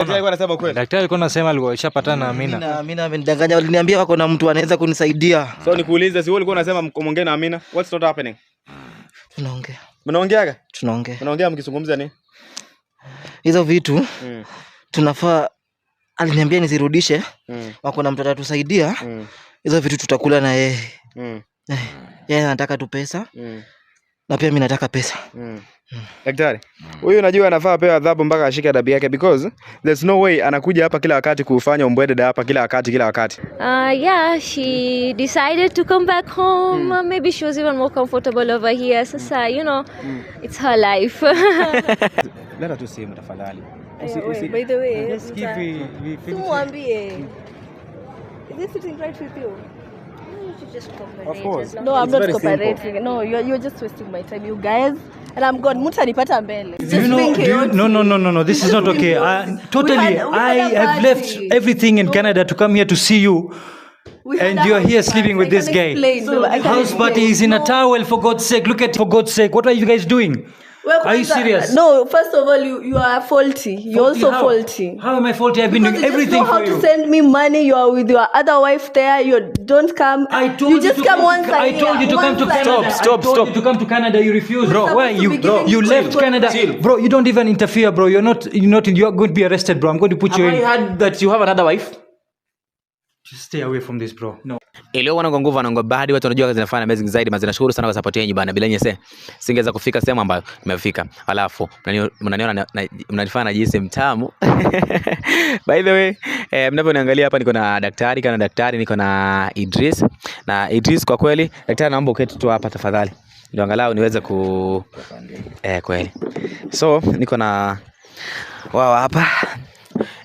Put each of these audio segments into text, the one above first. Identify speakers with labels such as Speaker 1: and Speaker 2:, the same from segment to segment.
Speaker 1: Daktari
Speaker 2: alikuwa anasema alikuwa ishapatana na Amina.
Speaker 3: Amina, amenidanganya, aliniambia wako na mtu anaweza kunisaidia.
Speaker 1: So nikuulize, si wewe ulikuwa unasema na Amina? What's not happening? Tunaongea. Mnaongeaga? Tunaongea. Mnaongea mkizungumza nini?
Speaker 3: Hizo vitu mm. tunafaa aliniambia nizirudishe mm. wako na mtu atatusaidia mm. hizo vitu tutakula na yeye mm. Eh, yeye anataka tu pesa mm na pia mimi nataka pesa mm.
Speaker 1: Mm. Daktari mm. huyu mm. unajua anafaa pewa adhabu mpaka ashike adabu yake, because there's no way anakuja hapa kila wakati kufanya umbwede da hapa kila wakati kila wakati.
Speaker 4: Uh, yeah she decided to come back home mm. Maybe she was even more comfortable over here. Sasa mm. you know mm. It's her life
Speaker 1: Leta tu simu tafadhali,
Speaker 4: by the way, tumwambie is this sitting right with you just No, I'm it's not cooperating. No, you're, you're just wasting my time, you guys. And I'm gone. mbele.
Speaker 5: Do you know? Do you, no, no, no, no, no. This is not okay. I, totally. We had, we had I have left everything in no. Canada to come here to see you. We and you're here sleeping with this guy. So, house party is in a towel, for God's sake. Look at, for God's sake. What are you guys doing? Well, are you uh, serious?
Speaker 4: No, first of all, you, you are faulty. You're also how? faulty.
Speaker 5: How am I faulty? I've been because doing you everything know how to
Speaker 4: send me money. You are with your other wife there. You don't come.
Speaker 5: I told you, you to come, come once. I told you to come to Canada. Stop, stop, stop. You to come to Canada. You refused. bro. Why you, bro? You left Canada, Chill. bro. You don't even interfere, bro. You're not. You're not. You're going to be arrested, bro. I'm going to put have you I in. I heard that you have another wife. Just stay away from this, bro.
Speaker 1: No.
Speaker 2: Elio wana kwa nguvu anaongo watu wanajua kazi inafanya amazing zaidi mazina. Nashukuru sana kwa support yenu bana, bila nyinyi singeweza kufika sehemu ambayo nimefika. Alafu mnaniona mnanifanya na jinsi mtamu by the way eh, mnavyoniangalia hapa niko na daktari kana daktari, niko na Idris na Idris. Kwa kweli daktari, naomba uketi tu hapa tafadhali, ndio angalau niweze ku eh, kweli so niko na wao hapa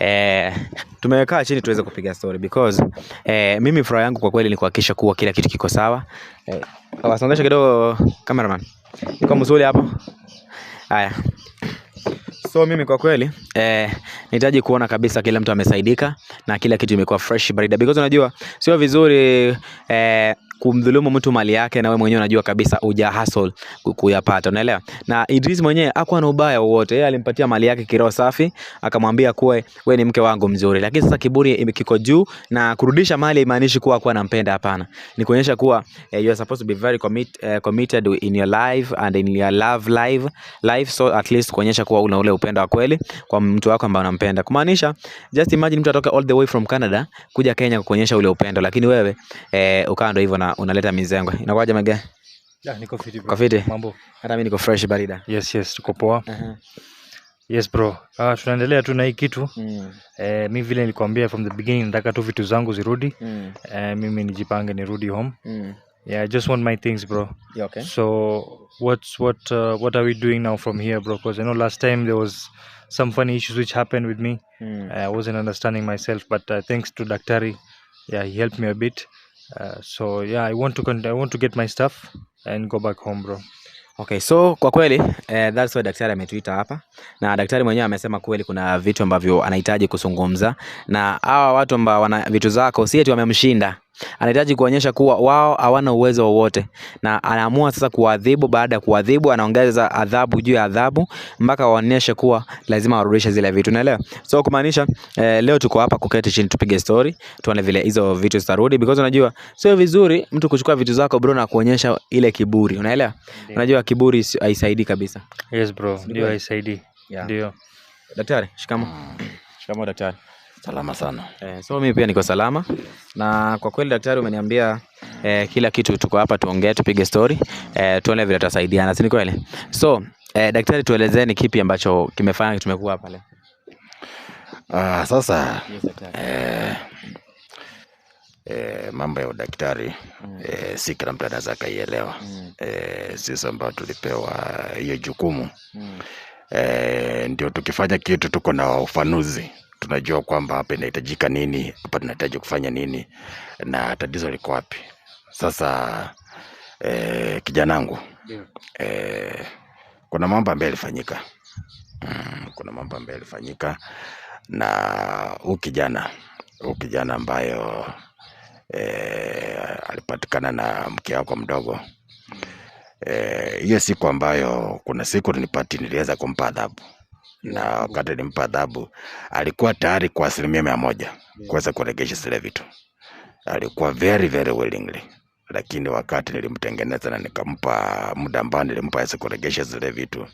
Speaker 2: eh, tumekaa chini tuweze kupiga story because eh, mimi furaha yangu kwa kweli ni kuhakikisha kuwa kila kitu kiko sawa eh, wasongeshe kidogo cameraman, niko mzuri hapo. Haya, so mimi kwa kweli eh, nahitaji kuona kabisa kila mtu amesaidika na kila kitu imekuwa fresh barida, because unajua sio vizuri eh, kumdhulumu mtu mali yake, na wewe mwenyewe unajua kabisa uja hustle kuyapata, unaelewa. Na Idris mwenyewe hakuwa na ubaya wowote, yeye alimpatia mali yake kiroho safi, akamwambia kuwe wewe ni mke wangu mzuri, lakini sasa kiburi kiko juu, na kurudisha mali haimaanishi kuwa kuwa anampenda. Hapana, ni kuonyesha kuwa eh, you are supposed to be very commit, eh, committed in your life and in your love life, life so at least kuonyesha kuwa una ule upendo wa kweli kwa mtu wako ambaye unampenda, kumaanisha just imagine mtu atoka all the way from Canada kuja Kenya kukuonyesha ule upendo, lakini wewe eh, ukawa ndio hivyo na unaleta mizengo. Inakuwaje mage?
Speaker 1: Yeah, niko fiti bro.
Speaker 2: Kwa fiti? Mambo. Hata mimi niko fresh barida.
Speaker 1: Yes, yes, tuko poa. Uh -huh. Yes bro. Uh, tunaendelea tu na hii kitu mm. Eh, mi vile nilikwambia from the beginning nataka tu vitu zangu zirudi mm. Eh, mimi nijipange nirudi home mm. Yeah, I just want my things, bro. Yeah, okay. So what's what uh, what are we doing now from here, bro? Because I know last time there was some funny issues which happened with me. Mm. uh, I wasn't understanding myself, but uh, thanks to Daktari, yeah, he helped me a bit. Uh, so yeah, I want to con I want to get my stuff and go back home bro.
Speaker 2: Okay, so kwa kweli eh, that's why daktari ametuita hapa na daktari mwenyewe amesema kweli kuna vitu ambavyo anahitaji kuzungumza na hawa watu ambao wana vitu zako si eti wamemshinda anahitaji kuonyesha kuwa wao hawana uwezo wowote, na anaamua sasa kuadhibu. Baada ya kuadhibu, anaongeza adhabu juu ya adhabu mpaka waoneshe kuwa lazima warudishe zile vitu, unaelewa? So kumaanisha eh, leo tuko hapa kuketi chini tupige story, tuone vile hizo vitu zitarudi, because unajua sio vizuri mtu kuchukua vitu zako bro na kuonyesha ile kiburi, unaelewa? Unajua kiburi haisaidii kabisa.
Speaker 1: Yes bro, ndio haisaidii. Ndio.
Speaker 2: Daktari, shikamo. Mm. Shikamo daktari. Salama sana. Eh, so mimi pia niko salama na kwa kweli daktari, umeniambia eh, kila kitu. Tuko hapa tuongee, tupige story eh, tuone vile tutasaidiana, si ni kweli? So eh, daktari, tuelezee ni kipi ambacho kimefanya tumekuwa hapa leo.
Speaker 6: Ah, sasa yes, eh, eh, mambo ya udaktari mm. eh, si kila mtu anaweza kaielewa mm. eh, sisi ambao tulipewa hiyo jukumu mm. eh, ndio tukifanya kitu tuko na ufanuzi tunajua kwamba hapa inahitajika nini, hapa tunahitaji kufanya nini na tatizo liko wapi. Sasa e, eh, kijanangu e, eh, kuna mambo ambayo yalifanyika mm, kuna mambo ambayo yalifanyika na huu kijana huu kijana ambayo e, alipatikana na mke wako mdogo mm. hiyo e, siku ambayo kuna siku nilipati niliweza kumpa adhabu na wakati alimpa adhabu alikuwa tayari kwa asilimia mia moja kuweza kuregesha zile vitu, alikuwa very very willingly lakini wakati nilimtengeneza na nikampa muda ambao nilimpa aweze kuregesha zile vitu,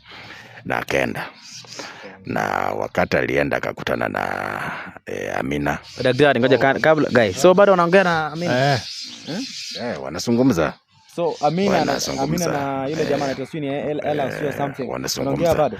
Speaker 6: na akaenda. Na wakati alienda akakutana na e, Amina
Speaker 2: daktari. Ngoja kabla guys, so bado wanaongea na Amina
Speaker 6: eh, hmm? eh, wanazungumza
Speaker 2: so Amina na, Amina na yule eh. jamaa anaitwa sio eh, Ella eh, sio something
Speaker 6: wanaongea bado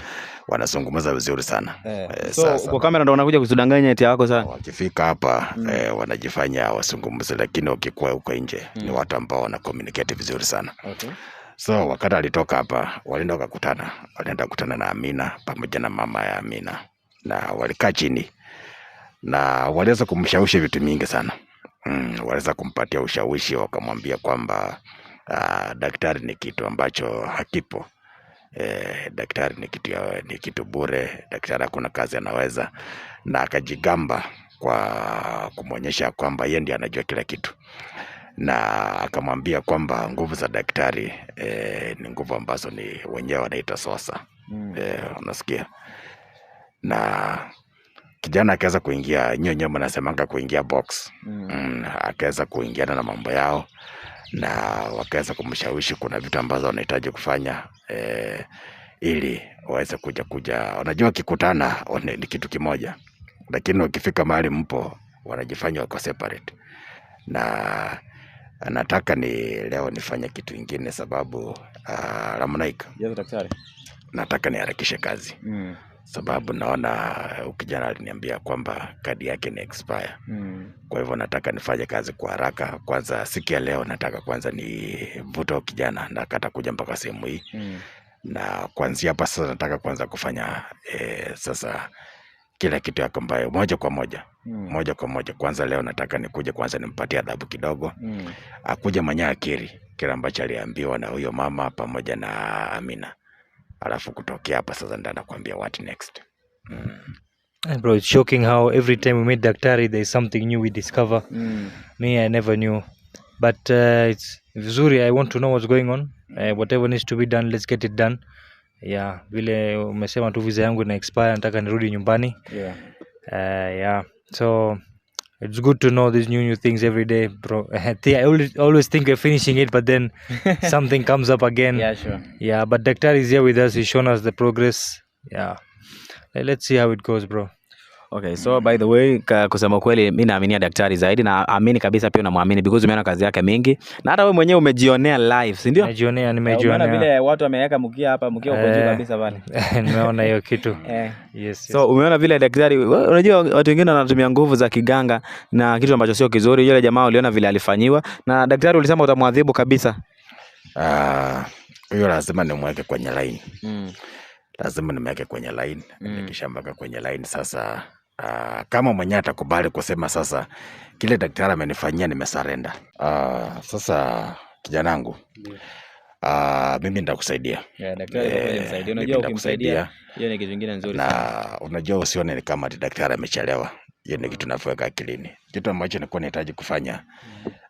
Speaker 6: wanazungumza vizuri sana eh.
Speaker 2: Eh, so sasa, kwa kamera ndo wanakuja kutudanganya eti yako sana
Speaker 6: wakifika hapa mm. eh, wanajifanya wasungumze lakini wakikuwa huko nje mm. ni watu ambao wana communicate vizuri sana okay. so wakati alitoka hapa walienda wakakutana walienda kukutana na Amina pamoja na mama ya Amina na walikaa chini na waliweza kumshawishi vitu mingi sana mm, waliweza kumpatia ushawishi wakamwambia kwamba uh, daktari ni kitu ambacho hakipo. Eh, daktari ni kitu, ya, ni kitu bure. Daktari hakuna kazi anaweza, na akajigamba kwa kumwonyesha kwamba yeye ndiye anajua kila kitu, na akamwambia kwamba nguvu za daktari eh, ni nguvu ambazo ni wenyewe wanaita sosa mm. Eh, unasikia na kijana akaweza kuingia, nyinyi mnasemanga kuingia box hmm. mm. Mm, akaweza kuingiana na mambo yao na wakaweza kumshawishi kuna vitu ambazo wanahitaji kufanya e, ili waweze kuja kuja. Unajua, wakikutana ni kitu kimoja, lakini wakifika mahali mpo wanajifanya wako separate, na nataka ni leo nifanye kitu ingine sababu uh, ah, Ramnaik yes, daktari, nataka niharakishe kazi mm sababu mm. naona uh, kijana aliniambia kwamba kadi yake ni expire mm. kwa hivyo nataka nifanye kazi kwa haraka kwanza siku ya leo nataka kwanza ni nivuto kijana nakata kuja mpaka sehemu hii mm. na kuanzia hapa sasa nataka kwanza kufanya e, sasa kila kitu yako ambayo moja kwa moja mm. moja kwa moja kwanza leo nataka nikuje kwanza nimpatie adhabu kidogo mm. akuja manyaa akiri kile ambacho aliambiwa na huyo mama pamoja na amina mm Alafu kutokea hapa sasa ndo anakuambia what next. Mm.
Speaker 1: And bro, it's shocking how every time we meet daktari there is something new we discover. Mm. Me, I never knew. But uh, it's vizuri, I want to know what's going on. Uh, whatever needs to be done, let's get it done. Yeah, vile umesema tu visa yangu ina expire, nataka nirudi nyumbani. Yeah. Uh, yeah. So it's good to know these new new things every day, bro. I always always think we're finishing it, but then something comes up again. Yeah, sure. Yeah, but doctor is here with us. He's shown us the progress. Yeah, let's see how it goes, bro.
Speaker 2: Okay, so by the way, kusema kweli mi naaminia daktari zaidi na amini kabisa pia unamwamini because umeona kazi yake mingi na hata wewe mwenyewe umejionea live, si
Speaker 1: ndio? Najionea, eh, Umeona nimejionea
Speaker 2: vile watu wameweka mkia hapa, mkia uko juu eh, kabisa pale.
Speaker 1: Eh, nimeona hiyo kitu yes, yes.
Speaker 2: So umeona vile daktari, unajua watu wengine wanatumia nguvu za kiganga na kitu ambacho sio kizuri. Yule jamaa uliona vile alifanyiwa na daktari, ulisema utamwadhibu kabisa.
Speaker 6: Ah, huyo lazima nimweke kwenye line, Mm. lazima nimweke kwenye line. Mm. Nikishamweka kwenye line sasa Uh, kama mwenye atakubali kusema sasa kile daktari amenifanyia nimesarenda. Uh, sasa kijanangu yeah. Uh, mimi nitakusaidia
Speaker 2: yeah, eh, unajua ukimsaidia hiyo ni kitu kingine nzuri
Speaker 6: na unajua usione ni kama daktari amechelewa hiyo ni kitu navyoweka akilini kitu ambacho nilikuwa nahitaji kufanya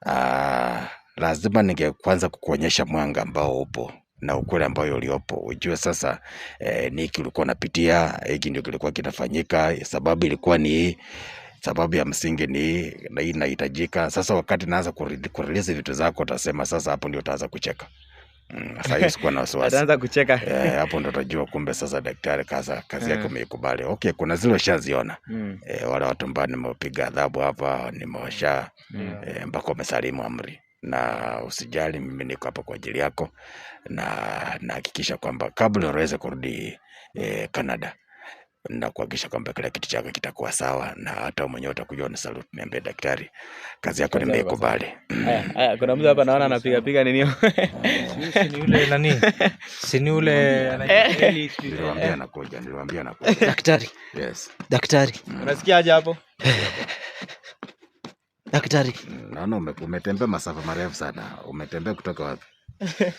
Speaker 6: yeah. Mm. Uh, lazima ninge kwanza kukuonyesha mwanga ambao upo na ukweli ambayo uliopo, ujue sasa e, eh, ni kilikuwa napitia hiki ndio kilikuwa kinafanyika, sababu ilikuwa ni sababu ya msingi ni na hii inahitajika. Sasa wakati naanza kurelease vitu zako, utasema sasa, hapo ndio utaanza kucheka. Mm, sasa sikuwa na wasiwasi. Ataanza kucheka. Eh, hapo ndo utajua kumbe sasa daktari kaza kazi yake eh. umeikubali. Okay, kuna zile ushaziona. Mm. Eh, wale watu ambao nimepiga adhabu hapa nimewasha mm. eh, mpaka wamesalimu amri na usijali, mimi niko hapa kwa ajili yako, na nahakikisha kwamba kabla unaweza kurudi eh, Canada na kuhakikisha kwamba kila kitu chako kitakuwa sawa, na hata mwenyewe utakuja na salute niambie daktari, kazi yako nimeikubali.
Speaker 2: Haya, kuna mtu hapa naona anapiga piga nini,
Speaker 1: si yule nani, si ni yule
Speaker 6: niliwaambia anakuja, niliwaambia anakuja daktari. Yes
Speaker 1: daktari,
Speaker 2: unasikia aje hapo?
Speaker 1: Daktari, mm,
Speaker 6: naona umetembea masafa marefu sana. Umetembea kutoka wapi?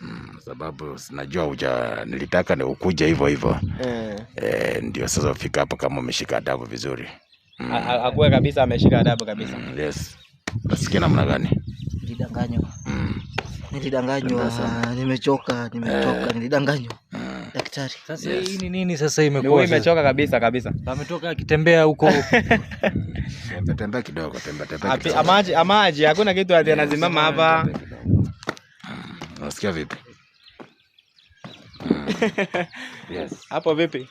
Speaker 6: Mm, sababu najua uja nilitaka ni ukuja hivyo hivyo eh. E, ndio sasa ufika hapa kama umeshika adabu vizuri
Speaker 2: mm. Akuwe kabisa ameshika adabu kabisa
Speaker 6: mm, yes. Nasikia namna gani?
Speaker 3: Nilidanganywa mm. Nilidanganywa, nimechoka, nimechoka eh. Nilidanganywa mm. Daktari,
Speaker 2: sasa yes. Hii ni nini sasa? Imekuwa imechoka kabisa kabisa, ametoka akitembea huko
Speaker 6: Mm. Tembe tembe kidogo,
Speaker 2: kidogo. Amaji amaji hakuna kitu ati anazimama hapa.
Speaker 6: Ah, vipi? Ah. Yes.
Speaker 2: Hapo vipi?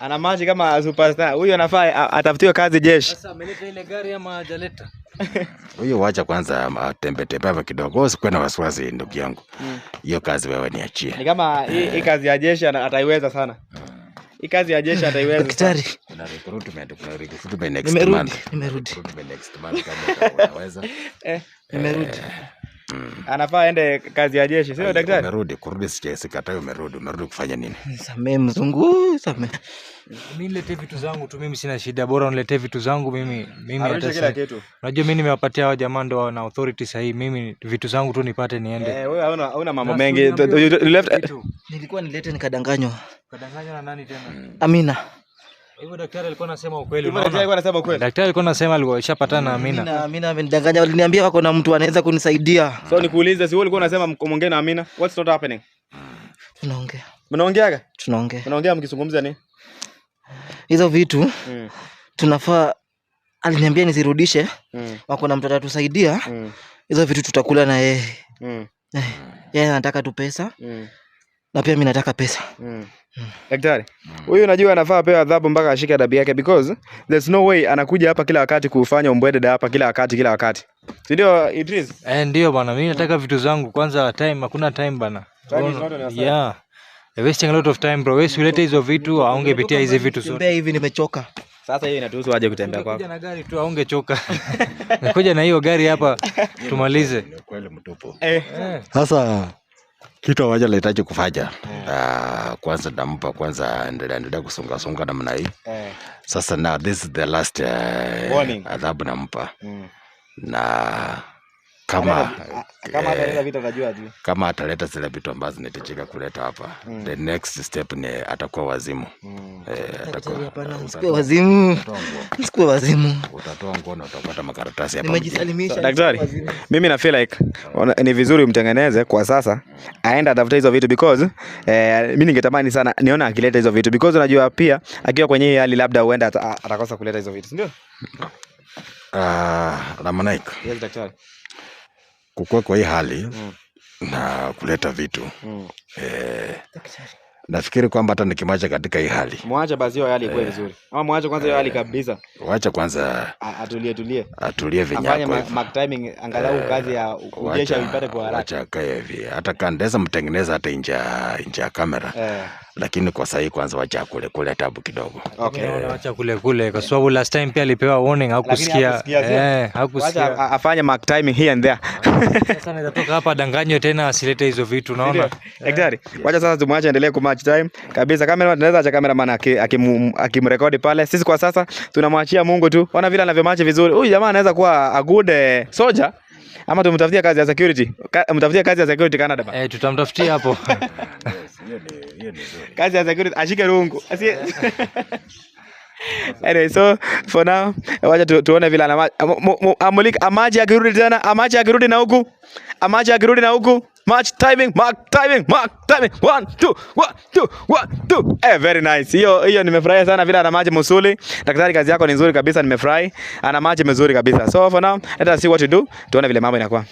Speaker 2: Ana maji kama superstar. Huyo anafaa atafutiwe kazi jeshi. Sasa
Speaker 3: ameleta ile gari ama
Speaker 6: Huyo wacha kwanza tembe tembe hapa kidogo, usikuwe na wasiwasi ndugu yangu. Mm. Hiyo kazi wewe niachie.
Speaker 2: Ni kama hii eh. ah. kazi ya jeshi ataiweza sana. Hii kazi ya jeshi ataiweza.
Speaker 1: Daktari
Speaker 6: kuna recruitment kuna recruitment next nimerudi, month
Speaker 1: nimerudi. nimerudi next month kama unaweza eh, eh, nimerudi eh,
Speaker 2: Mm. anafaa aende kazi ya jeshi
Speaker 6: sio daktari umerudi kurudi si jeshi sijasikata umerudi umerudi kufanya nini
Speaker 3: samee mzungu samee
Speaker 1: nilete vitu zangu tu mimi sina shida bora uniletee vitu zangu mimi mimi hata kila kitu unajua mimi nimewapatia hao jamaa ndio na authority sahihi mimi vitu zangu tu nipate niende eh
Speaker 2: wewe hauna hauna mambo mengi
Speaker 3: nilikuwa nilete nikadanganywa
Speaker 2: kadanganywa na nani tena
Speaker 3: amina
Speaker 1: Hivyo daktari alikuwa anasema ukweli.
Speaker 2: Hivyo daktari alikuwa anasema ukweli. Daktari alikuwa anasema alikuwa na Amina.
Speaker 3: Amina amenidanganya, wako na mtu anaweza kunisaidia.
Speaker 1: So nikuulize, si wewe ulikuwa unasema na Amina? What's not happening? Tunaongea. Mnaongeaga? Tunaongea. Mnaongea mkizungumza nini?
Speaker 3: Hizo vitu mm. tunafaa aliniambia nizirudishe mm. wako na mtu atatusaidia mm. hizo mm. vitu tutakula na yeye mm. Eh, yeye anataka tu pesa mm. na pia mi nataka pesa mm
Speaker 1: Daktari mm. huyu najua anafaa pewa adhabu mpaka ashike adabu yake, because there's no way anakuja hapa kila wakati kufanya umbwededa hapa kila wakati kila wakati, si ndio Idris?
Speaker 7: Eh, ndio bwana, mimi nataka vitu zangu kwanza. Time hakuna time bwana. yeah wasting a lot of time bro. Wewe usilete hizo vitu, au ungepitia hizi vitu sote.
Speaker 3: Ndio hivi, nimechoka
Speaker 2: sasa. Hiyo inatuhusu aje kutembea kwako?
Speaker 7: Kuja na gari tu, aungechoka. Nakuja na hiyo gari hapa tumalize. Kweli mtupu.
Speaker 6: Eh, eh. sasa kitu hawajahitaji kufanya yeah. Mm. Uh, kwanza nampa kwanza, endelea endelea kusunga na namna hii yeah. Mm. Sasa na this is the last uh, adhabu nampa mm. na kama
Speaker 2: kama eh, ataleta vitu atajua tu,
Speaker 6: kama ataleta zile vitu ambazo zinahitajika kuleta hapa mm. the next step ni atakuwa wazimu
Speaker 3: mm. eh, atakuwa wazimu
Speaker 6: utatoa nguo na utapata makaratasi hapa.
Speaker 2: Nimejisalimisha daktari, mimi na feel like ona, ni vizuri umtengeneze kwa sasa aenda atafuta hizo vitu because eh, mimi ningetamani sana niona akileta hizo vitu because unajua pia akiwa kwenye hii hali labda huenda atakosa kuleta hizo vitu, ndio?
Speaker 6: Ah, uh, Ramanike. Yes, daktari kukua kwa hii hali mm. na kuleta vitu mm. eh, nafikiri kwamba hata nikimwacha katika hii hali
Speaker 2: mwacha basi hiyo hali ikuwe eh. vizuri ama mwacha kwanza hiyo hali eh. kabisa
Speaker 6: wacha kwanza
Speaker 2: atulie tulie atulie vinyako mark timing angalau eh, kazi ya kujesha vipate kwa haraka
Speaker 6: wacha kae hivi hata kandeza mtengeneza hata inja inja kamera eh lakini kwa sahii kwanza wacha kule kule tabu kidogo.
Speaker 7: Okay. Yeah. Wacha kule kule kwa sababu last time pia alipewa warning hakusikia. Eh, hakusikia.
Speaker 2: Afanye mark timing here and there. Ah,
Speaker 7: sasa naweza toka hapa danganywe tena asilete hizo vitu unaona?
Speaker 2: Daktari, wacha sasa tumwache endelee ku match time kabisa. Kamera tunaweza acha kamera maana akimrekodi pale. Sisi kwa sasa tunamwachia Mungu tu. Ona vile anavyo match vizuri. Huyu jamaa anaweza kuwa a good eh, soldier ama tumtafutie kazi ya security. Ka, mtafutie kazi ya security Canada.
Speaker 7: ba. Eh, tutamtafutia hapo.
Speaker 2: kazi ya security ashike rungu eh. asiye anyway so for now wacha tu, tuone vile amulika amaji akirudi tena amaji akirudi na huku amaji akirudi na huku match timing mark timing mark timing 1 2 1 2 1 2 Hey, very nice hiyo hiyo nimefurahi sana vile ana maji musuli daktari kazi yako ni nzuri kabisa nimefurahi ana maji mzuri kabisa so for now let us see what you do tuone vile mambo inakuwa